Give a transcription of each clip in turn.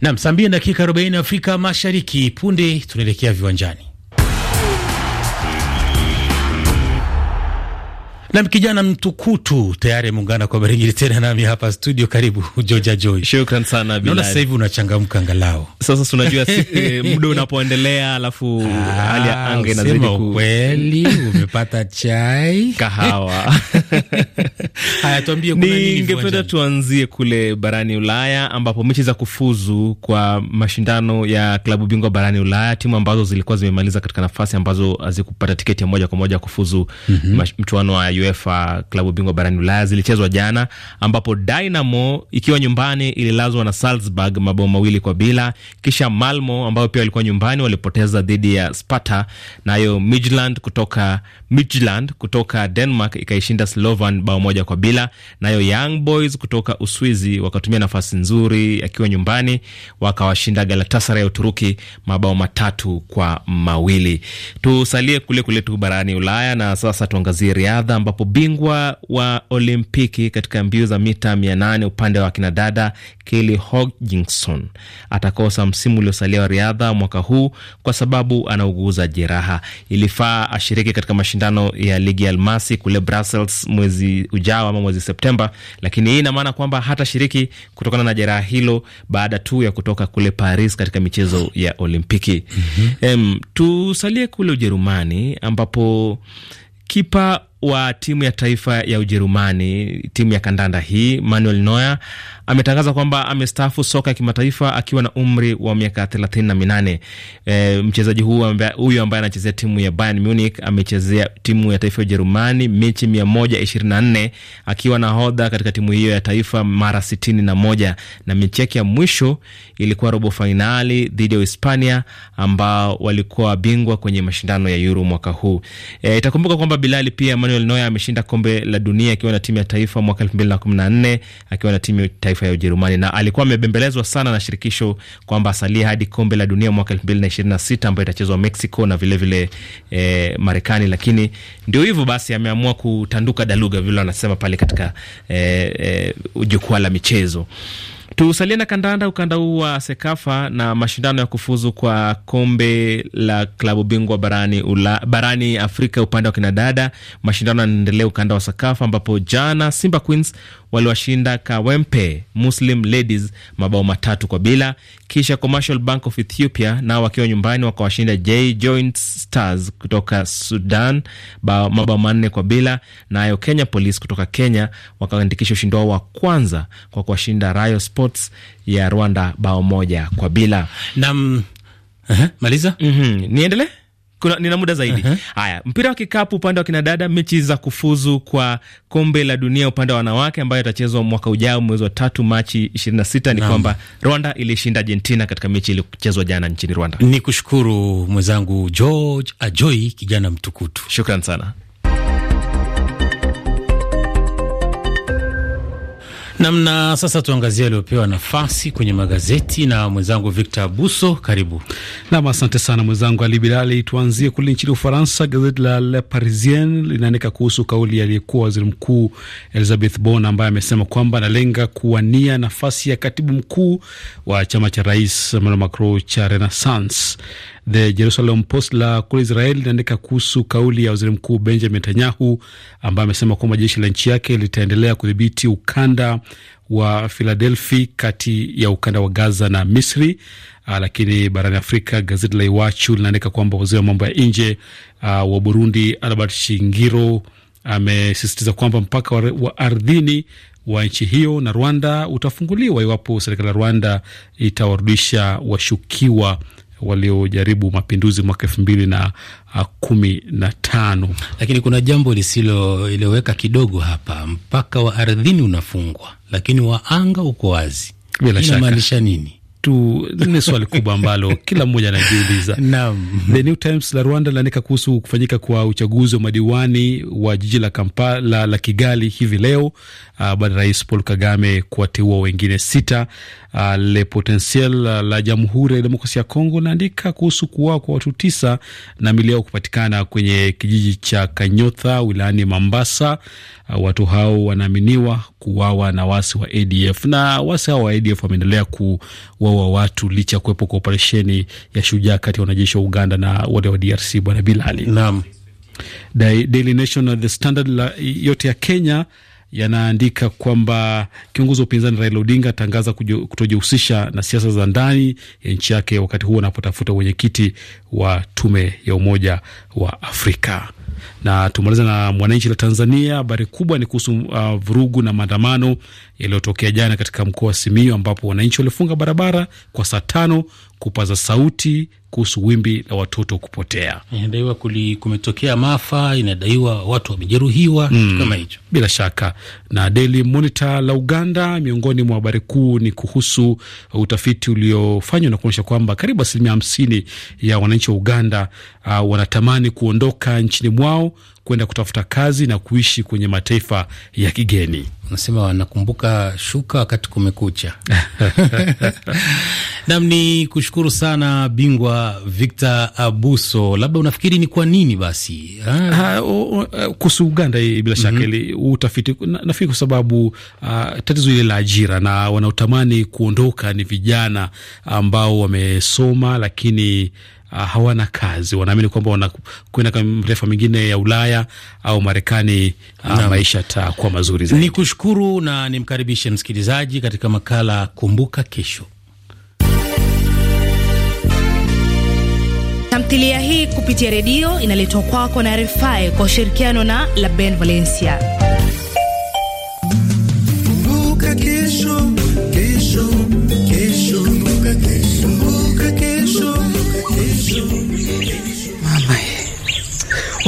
Nam, saa mbili dakika 40 Afrika Mashariki. Punde tunaelekea viwanjani. Nam kijana mtukutu tayari ameungana kwa barigili tena nami hapa studio. Karibu Joja Joy, shukran sana. Naona sasa hivi unachangamka angalau sasa, unajua eh, muda unapoendelea, alafu ah, hali ya anga inazidi ku... kweli umepata chai kahawa. Haya, tuambie kuna nini. Ningependa tuanzie kule barani Ulaya ambapo mechi za kufuzu kwa mashindano ya klabu bingwa barani Ulaya, timu ambazo zilikuwa zimemaliza katika nafasi ambazo hazikupata tiketi ya moja kwa moja kufuzu mm -hmm. mchuano wa UEFA klabu bingwa barani Ulaya zilichezwa jana, ambapo Dynamo ikiwa nyumbani ililazwa na Salzburg mabao mawili kwa bila, kisha Malmo ambayo pia walikuwa nyumbani walipoteza dhidi ya Sparta, nayo Midland kutoka, Midland kutoka Denmark ikaishinda Slovan bao moja kwa bila, nayo Young Boys kutoka Uswizi wakatumia nafasi nzuri akiwa nyumbani wakawashinda Galatasaray ya Uturuki mabao matatu kwa mawili. Tusalie kule kule tu barani Ulaya na sasa tuangazie riadha ambapo ambapo bingwa wa Olimpiki katika mbio za mita 8 upande wa kinadada Kelly Hodgkinson atakosa msimu uliosalia wa riadha mwaka huu kwa sababu anauguza jeraha. Ilifaa ashiriki katika mashindano ya ligi ya almasi kule Brussels mwezi ujao ama mwezi Septemba, lakini hii ina maana kwamba hatashiriki kutokana na jeraha hilo baada tu ya kutoka kule Paris katika michezo ya Olimpiki. Mm -hmm. Em, tusalie kule Ujerumani ambapo kipa wa timu ya taifa ya Ujerumani, timu ya kandanda hii, Manuel Neuer ametangaza kwamba amestaafu soka ya kimataifa akiwa na umri wa miaka thelathini na minane. E, mchezaji huyu ambaye anachezea timu ya Bayern Munich amechezea timu ya taifa ya Ujerumani mechi mia moja ishirini na nne akiwa nahodha katika timu hiyo ya taifa mara sitini na moja na mechi yake ya mwisho ilikuwa robo fainali dhidi ya Uhispania ambao walikuwa bingwa kwenye mashindano ya Euro mwaka huu. E, itakumbuka kwamba Bilali pia Manuel Manuel Neuer ameshinda kombe la dunia akiwa na timu ya taifa mwaka 2014 akiwa na timu ya taifa ya Ujerumani, na alikuwa amebembelezwa sana na shirikisho kwamba asalie hadi kombe la dunia mwaka 2026 ambayo itachezwa Mexico na vilevile vile, e, Marekani, lakini ndio hivyo basi, ameamua kutanduka daluga vile wanasema pale katika e, e, jukwaa la michezo. Tusalie na kandanda, ukanda huu wa Sekafa na mashindano ya kufuzu kwa kombe la klabu bingwa barani, ula, barani Afrika upande wa kinadada. Mashindano yanaendelea ukanda wa Sekafa ambapo jana Simba Queens waliwashinda Kawempe Muslim Ladies mabao matatu kwa bila, kisha Commercial Bank of Ethiopia nao wakiwa nyumbani wakawashinda J Joint Stars kutoka Sudan mabao manne kwa bila, nayo Kenya Police kutoka Kenya wakaandikisha ushindi wao wa kwanza kwa kuwashinda Rayo Sports ya Rwanda bao moja kwa bila Nam uh -huh, maliza mm -hmm. Niendelee kuna, nina muda zaidi haya. uh -huh. Mpira wa kikapu upande wa kinadada, mechi za kufuzu kwa kombe la dunia upande wa wanawake ambayo itachezwa mwaka ujao mwezi wa tatu Machi 26 ni kwamba Rwanda ilishinda Argentina katika mechi iliyochezwa jana nchini Rwanda. Ni kushukuru mwenzangu George Ajoi, kijana mtukutu, shukran sana. Namna sasa, tuangazie aliopewa nafasi kwenye magazeti na mwenzangu Victor Abuso, karibu nam. Asante sana mwenzangu Ali Bilali. Tuanzie kule nchini Ufaransa. Gazeti la Le Parisien linaandika kuhusu kauli aliyekuwa waziri mkuu Elizabeth bon ambaye amesema kwamba analenga kuwania nafasi ya katibu mkuu wa chama cha rais Emmanuel Macron cha Renaissance. The Jerusalem Post la kule Israel linaandika kuhusu kauli ya waziri mkuu Benjamin Netanyahu ambaye amesema kwamba jeshi la nchi yake litaendelea kudhibiti ukanda wa Filadelfi kati ya ukanda wa Gaza na Misri. Aa, ah, lakini barani Afrika gazeti la Iwachu linaandika kwamba waziri wa mambo ya nje ah, wa Burundi Albert Shingiro amesisitiza kwamba mpaka wa, wa ardhini wa nchi hiyo na Rwanda utafunguliwa iwapo serikali ya Rwanda itawarudisha washukiwa waliojaribu mapinduzi mwaka elfu mbili na ah, kumi na tano. Lakini kuna jambo lisiloeleweka kidogo hapa, mpaka wa ardhini unafungwa, lakini wa anga uko wazi. Inamaanisha nini? tu ni swali kubwa ambalo kila mmoja anajiuliza. The New Times la Rwanda laandika kuhusu kufanyika kwa uchaguzi wa madiwani wa jiji la Kampala la Kigali hivi leo ah, baada ya Rais Paul Kagame kuwateua wengine sita. Uh, Le Potentiel uh, la Jamhuri ya Demokrasia ya Kongo naandika kuhusu kuuawa kwa watu tisa na mili yao kupatikana kwenye kijiji cha Kanyotha wilayani Mambasa. Uh, watu hao wanaaminiwa kuuawa na waasi wa ADF, na waasi hao wa ADF wameendelea kuwaua watu licha ya kuwepo kwa operesheni ya Shujaa kati ya wanajeshi wa Uganda na wale wa DRC. Bwana Bilali. Naam. Daily Nation na The Standard la, yote ya Kenya yanaandika kwamba kiongozi wa upinzani Raila Odinga atangaza kutojihusisha na siasa za ndani ya nchi yake wakati huo anapotafuta wenyekiti wa tume ya Umoja wa Afrika. Na tumaliza na Mwananchi la Tanzania, habari kubwa ni kuhusu uh, vurugu na maandamano yaliyotokea jana katika mkoa wa Simiyu ambapo wananchi walifunga barabara kwa saa tano kupaza sauti kuhusu wimbi la watoto kupotea. Inadaiwa kumetokea maafa, inadaiwa watu wamejeruhiwa, mm, kama hicho bila shaka. Na Daily Monitor la Uganda, miongoni mwa habari kuu ni kuhusu utafiti uliofanywa na kuonyesha kwamba karibu asilimia hamsini ya wananchi wa Uganda uh, wanatamani kuondoka nchini mwao kwenda kutafuta kazi na kuishi kwenye mataifa ya kigeni. Unasema wanakumbuka shuka wakati kumekucha. Nam, ni kushukuru sana bingwa Victor Abuso. Labda unafikiri ni kwa nini basi kuhusu Uganda hii, bila shaka mhm. ili mm -hmm. utafiti na, nafikiri kwa sababu uh, tatizo ile la ajira na wanaotamani kuondoka ni vijana ambao wamesoma lakini uh, hawana kazi, wanaamini kwamba wanakwenda kwa mataifa mengine ya Ulaya au Marekani, uh, maisha yatakuwa mazuri zaidi. Ni kushukuru na nimkaribishe msikilizaji katika makala Kumbuka Kesho. Tamthilia hii kupitia redio inaletwa kwako na RFI kwa ushirikiano na La Ben Valencia.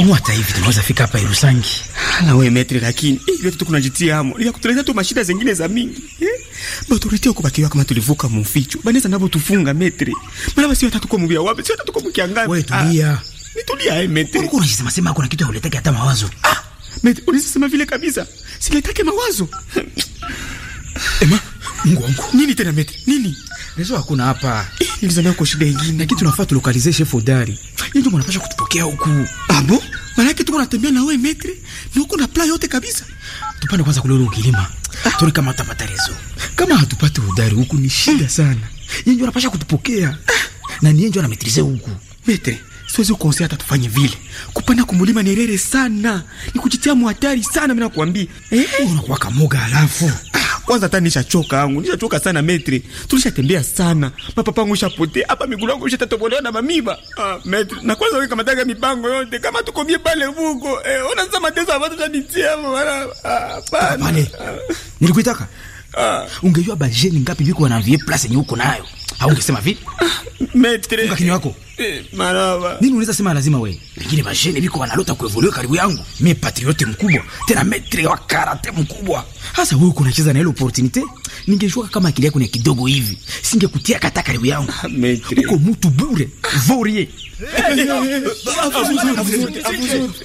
Mungu hata hivi tunaweza fika hapa Irusangi. Hala wewe metri lakini hii eh, tu kunajitia hamo. Ni kutuleta tu mashida zingine za mingi. Eh? Baturite uko bakiwa kama tulivuka mficho. Banaweza nabo tufunga metri. Maana basi hata tuko mbia wapi? Si hata tuko mkiangalia. Wewe tulia. Ah, nitulia eh metri. Uko unajisema sema kuna kitu hauletaki hata mawazo. Ah, metri unisema vile kabisa. Siletake mawazo. Ema, Mungu wangu. Nini tena metri? Nini? Lezo hakuna hapa. Eh, nilizania uko shida nyingine. Kitu nafaa tulokalizeshe fodari. Yeye ndio mnapaswa kutupokea huku. Abo? Ah, Maanake tuko natembea na wewe metre na huko na pla yote kabisa. Tupande kwanza kule ukilima. Ah. Tuna kama rezo. Kama hatupati udari huku ni shida sana. Yeye anapasha kutupokea. Ah. Na ni yeye anametrize huku. Metre, siwezi kuonsia hata tufanye vile. Kupanda kumulima ni rere sana. Ni kujitia muhatari sana mimi nakwambia. Eh, unakuwa kamoga alafu. Ah. Kwanza hata nishachoka yangu, nishachoka sana metri. Tulishatembea sana. Mapapa yangu ishapotea. Hapa miguu yangu ishatobolewa na mamiba. Ah, metri. Na kwanza wewe mipango yote kama tukomie pale huko. Eh, ona sasa mateso ambayo tunanitia mara. Ah, pale. Nilikuitaka. Ah. Ungejua bajeni ngapi viko vie place yenye uko nayo. Haungesema vipi? Ah, metre. Unga kinyo wako. Eh, maraba. Nini unaweza sema lazima wewe? Pengine bajeni viko wanalota kuevolue karibu yangu. Mimi patriote mkubwa, tena metre wa karate mkubwa. Sasa wewe uko unacheza na ile opportunity? Ningejua kama akili yako ni kidogo hivi. Singekutia kata karibu yangu. Ah, metre. Uko mtu bure, vourier.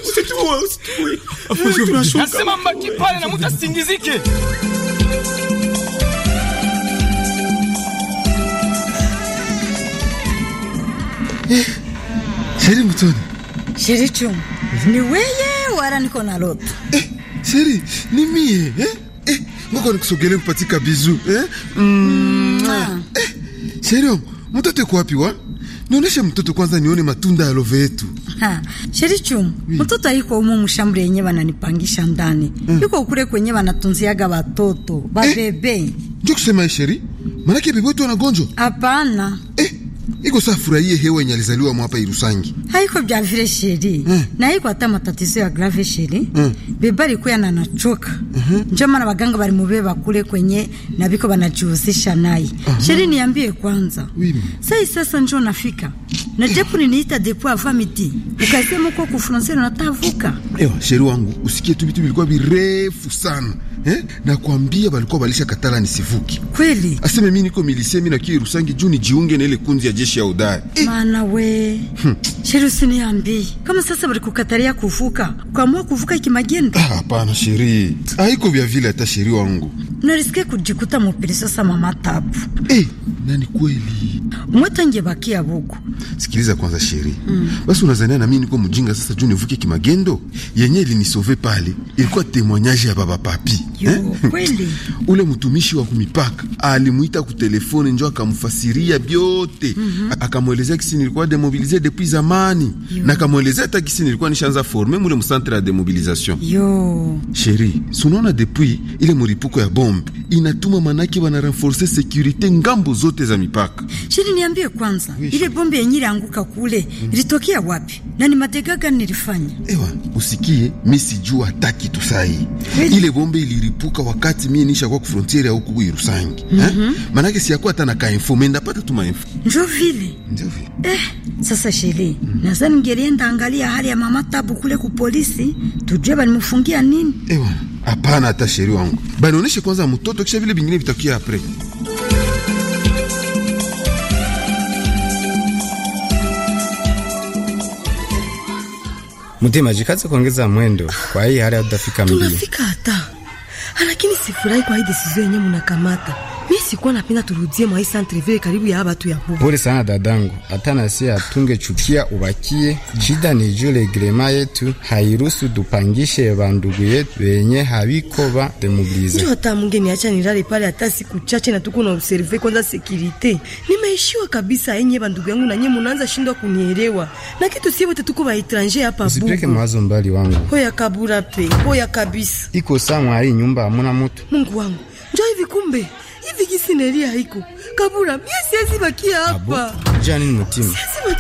Usituwe, usituwe. Nasema mbaki pale na mtu asingizike. Eh, sheri mtoni sheri chum ni weye wala niko na loto eh, sheri ni mie eh? Eh, ngoko nikusogelee kupatika bizu eh? mm, ah. eh, sheri mtoto iko wapi wa nionyeshe mtoto kwanza nione matunda ya love yetu. Ha, sheri chum, oui. Mtoto haiko umo mshambre yenye wananipangisha ndani. Mm. Yuko kule kwenye wanatunziaga watoto, babebe. Eh, ndio kusema sheri, maana bebe wetu anagonjo? Hapana. Eh, iko saa furahie hewa yenye alizaliwa mwapa Irusangi. Haiko bya vile sheri eh, na iko hata matatizo ya grave sheri eh, beba liko yana nachoka mm -hmm. njoma maana waganga bari mubeba bakule kwenye na biko banajihusisha naye uh -huh. Sheri niambie kwanza oui. Sasa sasa njoo nafika Naje kuniniita depo ava midi, ukasema uko na natavuka. Ewa sheri wangu, usikie tu vitu vilikuwa virefu sana eh? Nakwambia balikuwa balisha katala nisivuki kweli. Aseme mi niko milisie mi nakie Rusangi juu nijiunge na ile kunzi ya jeshi ya udari eh. Mana we hmm. Sheri usiniambii kama sasa balikukatalia kuvuka, ukaamua kuvuka ikimagendo. Ah, hapana ah, sheri haiko vya vile hata sheri wangu narisikia kujikuta mupili sasa mama tabu eh na ni kweli mwetangebakia bugu. Sikiliza kwanza sheri mm. Basi unazania na mimi niko mjinga sasa juu nivuke kimagendo yenye ilinisove pale ilikuwa temoignage ya baba papi eh? Kweli ule mtumishi wa kumipaka alimuita kutelefone njo akamfasiria byote mm -hmm. Akamwelezea kisi nilikuwa demobilize depuis zamani yo. Na akamwelezea hata kisi nilikuwa nishaanza forme mule mcentre ya demobilisation yo. Sheri sunaona depuis ile muripuko ya bombe inatuma manake wana renforcer securite ngambo zote zote za mipaka. Shiri, niambie kwanza, ile bombe yenye ilianguka kule mm. ilitokea wapi na ni matega gani nilifanya? Ewa, usikie mi sijua hata kitu sahi. Ile bombe iliripuka wakati mimi nisha kwa frontiere ya huku Irusangi. Eh? Mm -hmm. Maana yake siyakuwa hata na kainfo, mimi ndapata tu mainfo. Ndio vile. Ndio vile. Eh, sasa Shiri, mm, nadhani ngelienda angalia hali ya mama Tabu kule ku polisi, tujue banimfungia nini? Ewa, hapana hata Shiri wangu. Banaoneshe kwanza mtoto kisha vile vingine vitakia apre. Mutima, jikaze kuongeza mwendo, kwa hii hali hatutafika mbili. Tunafika hata. Ah, lakini sifurahi kwa hii decision yenyewe mnakamata. Mimi sikuwa napenda turudie mwa Centre karibu ya watu ya huko. Pole sana dadangu. Hata na si atunge chukia ubakie. Shida ni jule grema yetu hairuhusu dupangishe bandugu yetu wenye habiko ba demobilize. Ndio hata mungeni acha nilale pale hata siku chache na tuko na observe kwanza security. Nimeishiwa kabisa yenye bandugu yangu na nyinyi mnaanza shindwa kunielewa. Na kitu sio wote tuko ba etranger hapa bubu. Usipeke mawazo mbali wangu. Hoya kabura pe. Hoya kabisa. Iko sawa hii nyumba hamna mtu. Mungu wangu. Njoo hivi kumbe hivi gisi neli haiko kabura mie siwezi bakia hapa jani mutima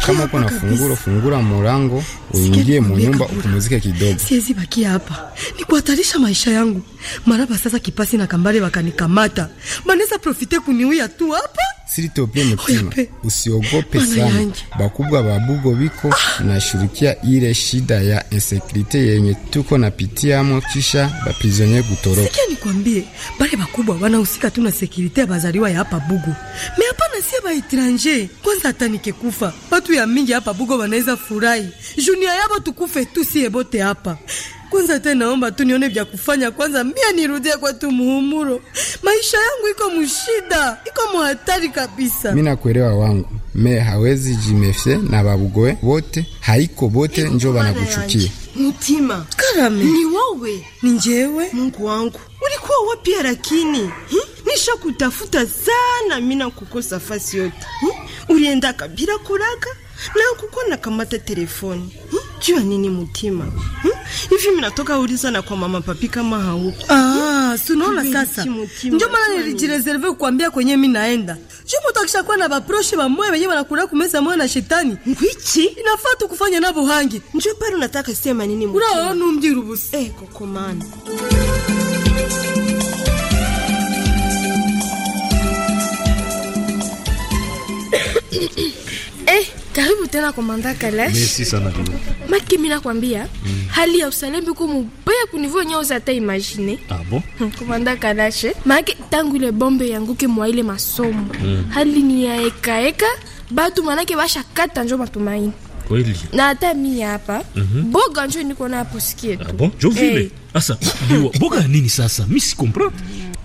kama na funguro fungura mulango uingie munyumba upumuzike kidogo siwezi bakia hapa ni kuhatarisha maisha yangu maraba sasa kipasi na kambale wakanikamata banaweza profite kuniwia tu hapa Silitopia mutima, usiogope sana. Bakubwa babugo Bugobiko nashurukia ile shida ya insecurity yenye tuko napitiamo kisha baprisonnier gutoroka. Sikia nikwambie, bale bakubwa wanahusika tu na security ya bazaliwa ya hapa Bugo. Me hapa sie ba Kwanza hata nikekufa, watu ya mingi hapa Bugo wanaweza furahi. Junior yabo tukufe tu sie bote hapa. Kwanza tena naomba tu nione vya kufanya kwanza, mia nirudie kwetu Muhumuro. Maisha yangu iko mushida, iko muhatari kabisa. Mimi nakuelewa wangu me hawezi jimefye na babugoe bote haiko bote njo banakuchukia mtima. Karame, ni wewe ni njewe. Mungu wangu, ulikuwa wapi? Lakini nisha kutafuta sana, mimi kukosa fasi yote. Ulienda kabila kuraka na kukona kamata telefoni hi? unajua nini mtima hmm? Hivi hmm? Minatoka uliza na kwa mama papi kama hauko. Ah, hmm? sunaona sasa. Ndio maana nilijireserve kukwambia kwenye mimi naenda. Jua mtakisha kuwa na baproche ba mwe wenyewe wanakula kumeza mwe na shetani. ngwichi inafaa tu kufanya navyo hangi. Njoo pale unataka sema nini Mutima? Unaona mjirubusi. Eh, koko mana Eh, karibu tena Komanda Kalash. Merci sana kama. Maki mimi nakwambia mm. hali ya usalama iko mbaya kunivu wenyewe usata imagine. Ah bon? Hmm, Komanda Kalash. Eh. Maki tangu ile bombe yanguke mwa ile masomo. Mm. Hali ni ya eka eka batu manake basha kata njo matumaini. Kweli. Na hata mimi hapa mm -hmm. boga njo niko na hapo sikie tu. Ah bon? Jo eh. vile. Hey. boga nini sasa? Mimi si comprendre.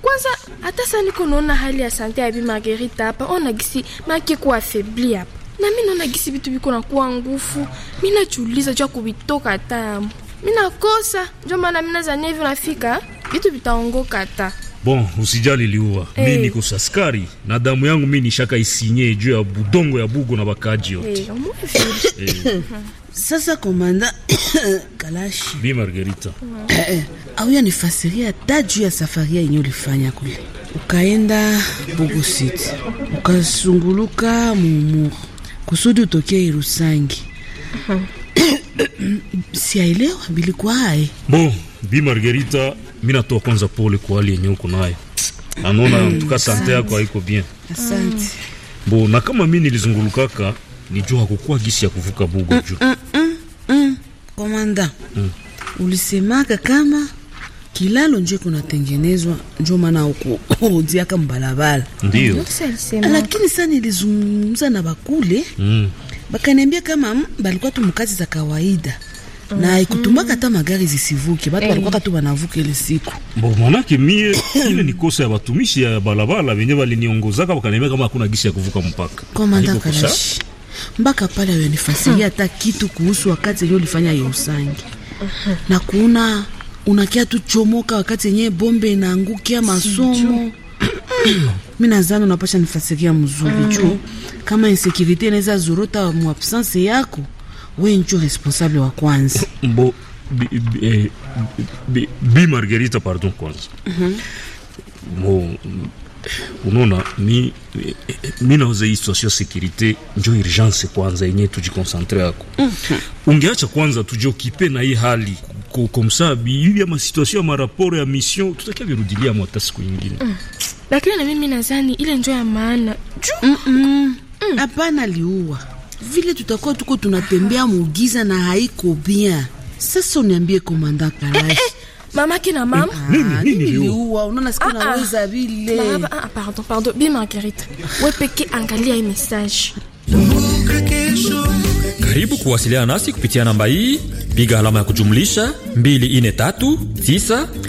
Kwanza hata sasa niko naona hali ya sante ya Bi Marguerite hapa. Ona gisi maki kwa affaibli hapa na mi naona gisi vitu viko nakuwa ngufu, mi najiuliza jua kuvitoka tamu, mi nakosa njo maana mi nazania hivyo nafika vitu vitaongoka ta Bon, usijali liua hey. Mimi eh. niko saskari na damu yangu mimi nishaka isinye juu ya budongo ya bugo na bakaji yote hey. Eh, eh. Sasa komanda Kalash. bi Margarita auya nifasiria ta juu ya safari yenye ulifanya kule ukaenda Bugo City ukasunguluka mumuru kusudi utokee Irusangi. Siaelewa bilikuwa hai bi Margarita, mi natoa kwanza pole kwa hali yenye uko nayo, anaona mm. tuka sante yako haiko bien. Asante bo, na kama mi nilizungulukaka nijua hakukuwa gisi ya kuvuka bugo juu. Mm, mm, Komanda, ulisemaka kama kilalo njo kunatengenezwa njo maana ukurudiaka mbalabala ndio, lakini sana nilizungumza na bakule mm. bakaniambia kama balikuwa tu mkazi za kawaida na mm -hmm. ikutumaka hata magari zisivuke batu walikuwa eh. hey. tu wanavuka ile siku bo. Manake mie ile ni kosa ya watumishi ya balabala wenye waliniongozaka, wakaniambia kama hakuna gisi ya kuvuka mpaka komanda Kalashi mpaka pale yanifasiria hmm. hata kitu kuhusu wakati yenye ulifanya yosangi na kuna unakia tu chomoka wakati yenyewe bombe inaangukia masomo mi nazani unapasha nifasiria mzuri mm. juu kama insekurite inaweza zurota muabsanse yako, we njo responsable wa kwanza bo eh, bi, bi, bi, bi Margarita, pardon kwanza mm -hmm unaona mi, mi naweza hii situation security njo urgence kwanza yenye tujikonsentre yako mm -hmm. ungeacha kwanza tujiokipe na hii hali komsabi hivi ama situation ama raporo ya mission tutakia virudilia mwata siku nyingine mm. lakini na mimi nazani ile njo ya maana juu mm hapana -mm. mm. liua vile tutakuwa tuko tunatembea muugiza na haiko bien sasa uniambie komanda kalashi eh, eh. Mama kina mama eh, niliua, ah, unaona siku ah, ah. naweza vile. Pardon, pardon. Bi Marguerite, wewe peke angalia hii message. Karibu kuwasiliana nasi kupitia namba hii, piga alama ya kujumlisha 243 9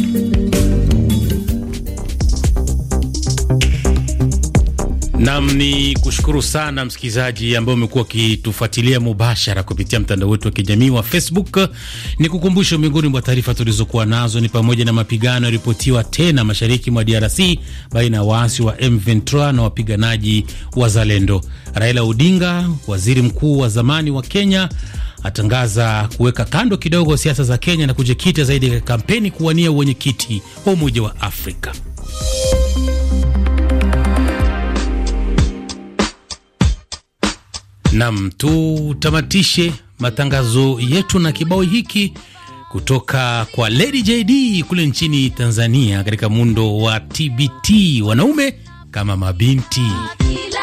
Nam ni kushukuru sana msikilizaji ambaye umekuwa ukitufuatilia mubashara kupitia mtandao wetu wa kijamii wa Facebook. Ni kukumbusha miongoni mwa taarifa tulizokuwa nazo ni pamoja na mapigano yaliripotiwa tena mashariki mwa DRC baina ya waasi wa M23 na wapiganaji wa Zalendo. Raila Odinga, waziri mkuu wa zamani wa Kenya, atangaza kuweka kando kidogo siasa za Kenya na kujikita zaidi katika kampeni kuwania uwenyekiti wa Umoja wa Afrika. Nam, tutamatishe matangazo yetu na kibao hiki kutoka kwa Lady JD kule nchini Tanzania, katika muundo wa TBT, wanaume kama mabinti. wanaume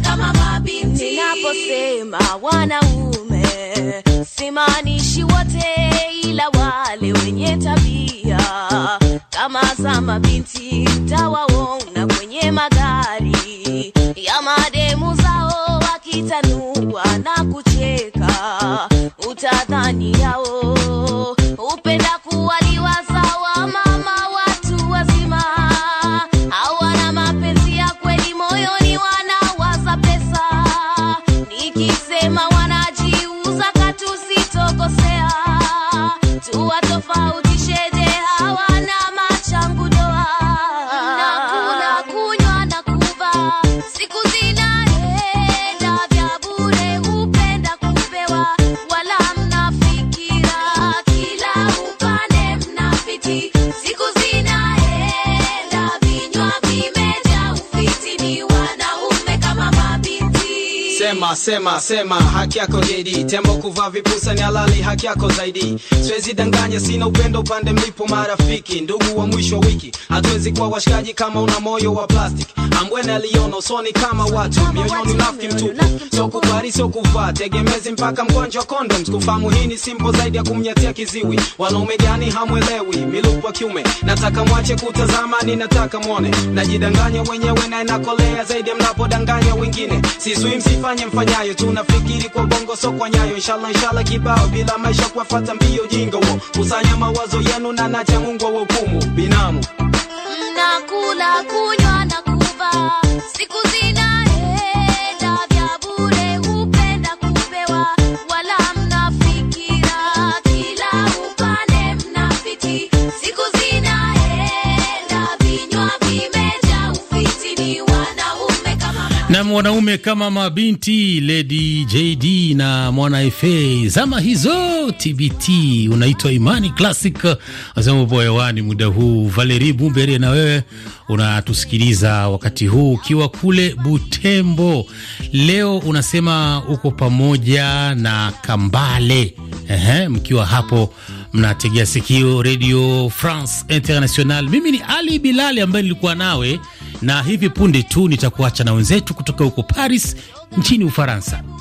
kama mabinti. simaanishi wote, ila wale wenye kama za mabinti tawa sema sema haki yako dedi. Tembo kuvaa vipusa ni halali, haki yako zaidi. Siwezi danganya, sina upendo upande mlipo marafiki, ndugu wa mwisho wiki. Hatuwezi kuwa washikaji kama una moyo wa plastic. Ambwene aliona usoni kama watu mioyoni nafki mtupu, so kubari so kuvaa tegemezi mpaka mgonjwa condoms. Kufahamu hii ni simpo zaidi ya kumnyatia kiziwi. Wanaume gani hamwelewi, miluku wa kiume. Nataka mwache kutazama, ninataka mwone. Najidanganya wenyewe na inakolea zaidi mnapodanganya wengine. Sisui msifanye mfa kwa nyayo tunafikiri kwa bongo so kwa nyayo inshallah inshallah kibao bila maisha kuwafata mbio jinga wo kusanya mawazo yenu na nachangungwa wa hukumu binamu mnakula kunywa na kuvaa wanaume kama mabinti Lady JD na mwana FA zama hizo TBT, unaitwa Imani Classic asema upo hewani muda huu. Valerie Bumbere, na wewe unatusikiliza wakati huu ukiwa kule Butembo. Leo unasema uko pamoja na Kambale, ehe, mkiwa hapo mnategea sikio Radio France International. Mimi ni Ali Bilali ambaye nilikuwa nawe na hivi punde tu nitakuacha na wenzetu kutoka huko Paris nchini Ufaransa.